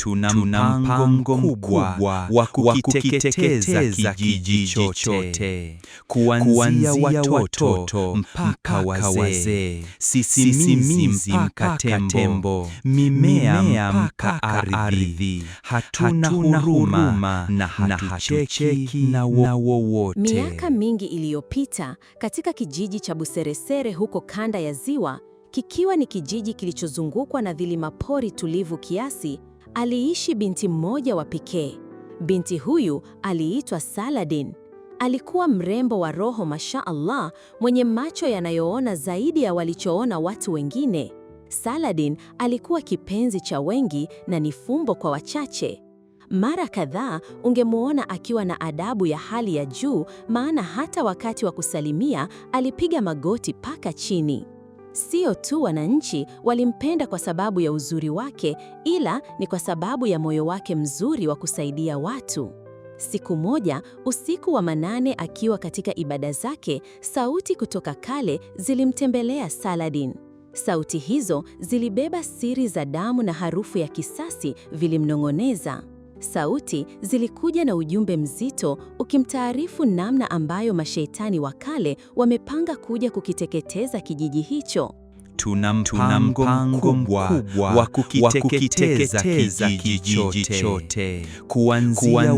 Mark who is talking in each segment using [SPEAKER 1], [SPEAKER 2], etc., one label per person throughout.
[SPEAKER 1] tuna mpango mkubwa wa kukiteketeza kijiji chochote, kuanzia watoto mpaka wazee, sisimizi mpaka tembo, mimea mpaka ardhi. Hatuna huruma na hatucheki na wowote.
[SPEAKER 2] Miaka mingi iliyopita, katika kijiji cha Buseresere huko kanda ya Ziwa, kikiwa ni kijiji kilichozungukwa na dhilima pori tulivu kiasi aliishi binti mmoja wa pekee. Binti huyu aliitwa Saladin. Alikuwa mrembo wa roho, masha Allah, mwenye macho yanayoona zaidi ya walichoona watu wengine. Saladin alikuwa kipenzi cha wengi na ni fumbo kwa wachache. Mara kadhaa ungemuona akiwa na adabu ya hali ya juu, maana hata wakati wa kusalimia alipiga magoti paka chini. Sio tu wananchi walimpenda kwa sababu ya uzuri wake, ila ni kwa sababu ya moyo wake mzuri wa kusaidia watu. Siku moja, usiku wa manane, akiwa katika ibada zake, sauti kutoka kale zilimtembelea Saladin. Sauti hizo zilibeba siri za damu na harufu ya kisasi, vilimnong'oneza. Sauti zilikuja na ujumbe mzito ukimtaarifu namna ambayo mashetani wa kale wamepanga kuja kukiteketeza kijiji hicho
[SPEAKER 1] tuna mpango mkubwa wa kukiteketeza kijiji chote, kuanzia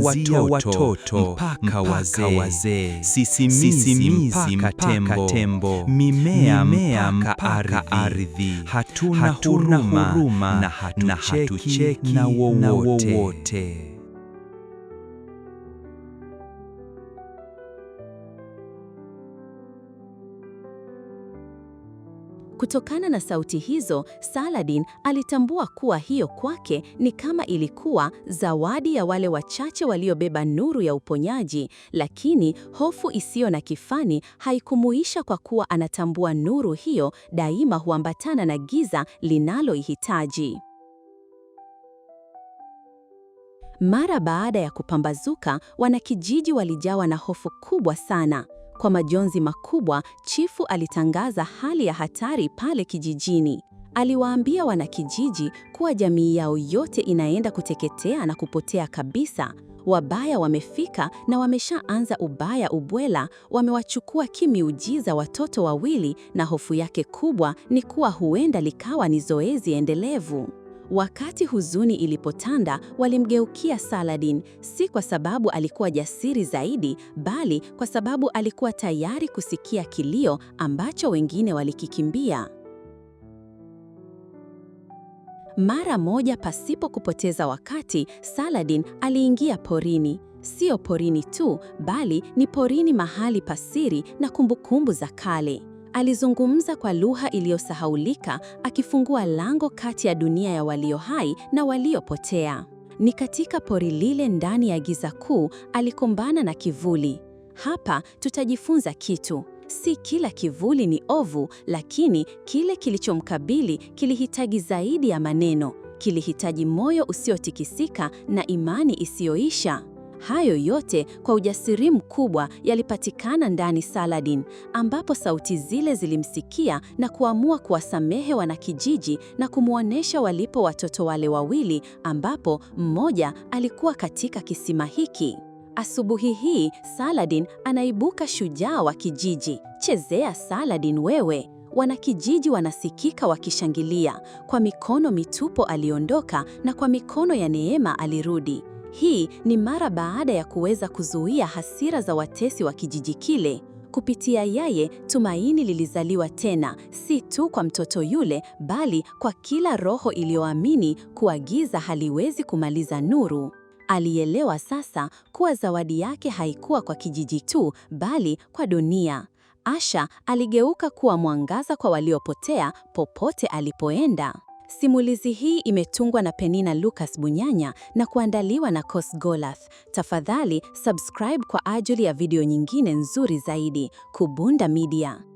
[SPEAKER 1] watoto mpaka wazee, sisimizi mpaka tembo, mimea mpaka ardhi. Hatuna huruma na hatucheki na wowote.
[SPEAKER 2] Kutokana na sauti hizo, Saladin alitambua kuwa hiyo kwake ni kama ilikuwa zawadi ya wale wachache waliobeba nuru ya uponyaji, lakini hofu isiyo na kifani haikumuisha kwa kuwa anatambua nuru hiyo daima huambatana na giza linaloihitaji. Mara baada ya kupambazuka, wanakijiji walijawa na hofu kubwa sana. Kwa majonzi makubwa, chifu alitangaza hali ya hatari pale kijijini. Aliwaambia wanakijiji kuwa jamii yao yote inaenda kuteketea na kupotea kabisa. Wabaya wamefika na wameshaanza ubaya ubwela, wamewachukua kimiujiza watoto wawili, na hofu yake kubwa ni kuwa huenda likawa ni zoezi endelevu. Wakati huzuni ilipotanda, walimgeukia Saladin, si kwa sababu alikuwa jasiri zaidi, bali kwa sababu alikuwa tayari kusikia kilio ambacho wengine walikikimbia. Mara moja, pasipo kupoteza wakati, Saladin aliingia porini. Sio porini tu, bali ni porini mahali pasiri na kumbukumbu za kale. Alizungumza kwa lugha iliyosahaulika, akifungua lango kati ya dunia ya walio hai na waliopotea. Ni katika pori lile ndani ya giza kuu alikumbana na kivuli. Hapa tutajifunza kitu. Si kila kivuli ni ovu, lakini kile kilichomkabili kilihitaji zaidi ya maneno. Kilihitaji moyo usiotikisika na imani isiyoisha. Hayo yote kwa ujasiri mkubwa yalipatikana ndani Saladin, ambapo sauti zile zilimsikia na kuamua kuwasamehe wanakijiji na kumwonyesha walipo watoto wale wawili, ambapo mmoja alikuwa katika kisima hiki. Asubuhi hii Saladin anaibuka shujaa wa kijiji. Chezea Saladin wewe! Wanakijiji wanasikika wakishangilia. Kwa mikono mitupu aliondoka na kwa mikono ya neema alirudi. Hii ni mara baada ya kuweza kuzuia hasira za watesi wa kijiji kile. Kupitia yeye, tumaini lilizaliwa tena, si tu kwa mtoto yule, bali kwa kila roho iliyoamini kuwa giza haliwezi kumaliza nuru. Alielewa sasa kuwa zawadi yake haikuwa kwa kijiji tu, bali kwa dunia. Asha aligeuka kuwa mwangaza kwa waliopotea popote alipoenda. Simulizi hii imetungwa na Penina Lucas Bunyanya na kuandaliwa na Kos Golath. Tafadhali subscribe kwa ajili ya video nyingine nzuri zaidi. Kubunda Media.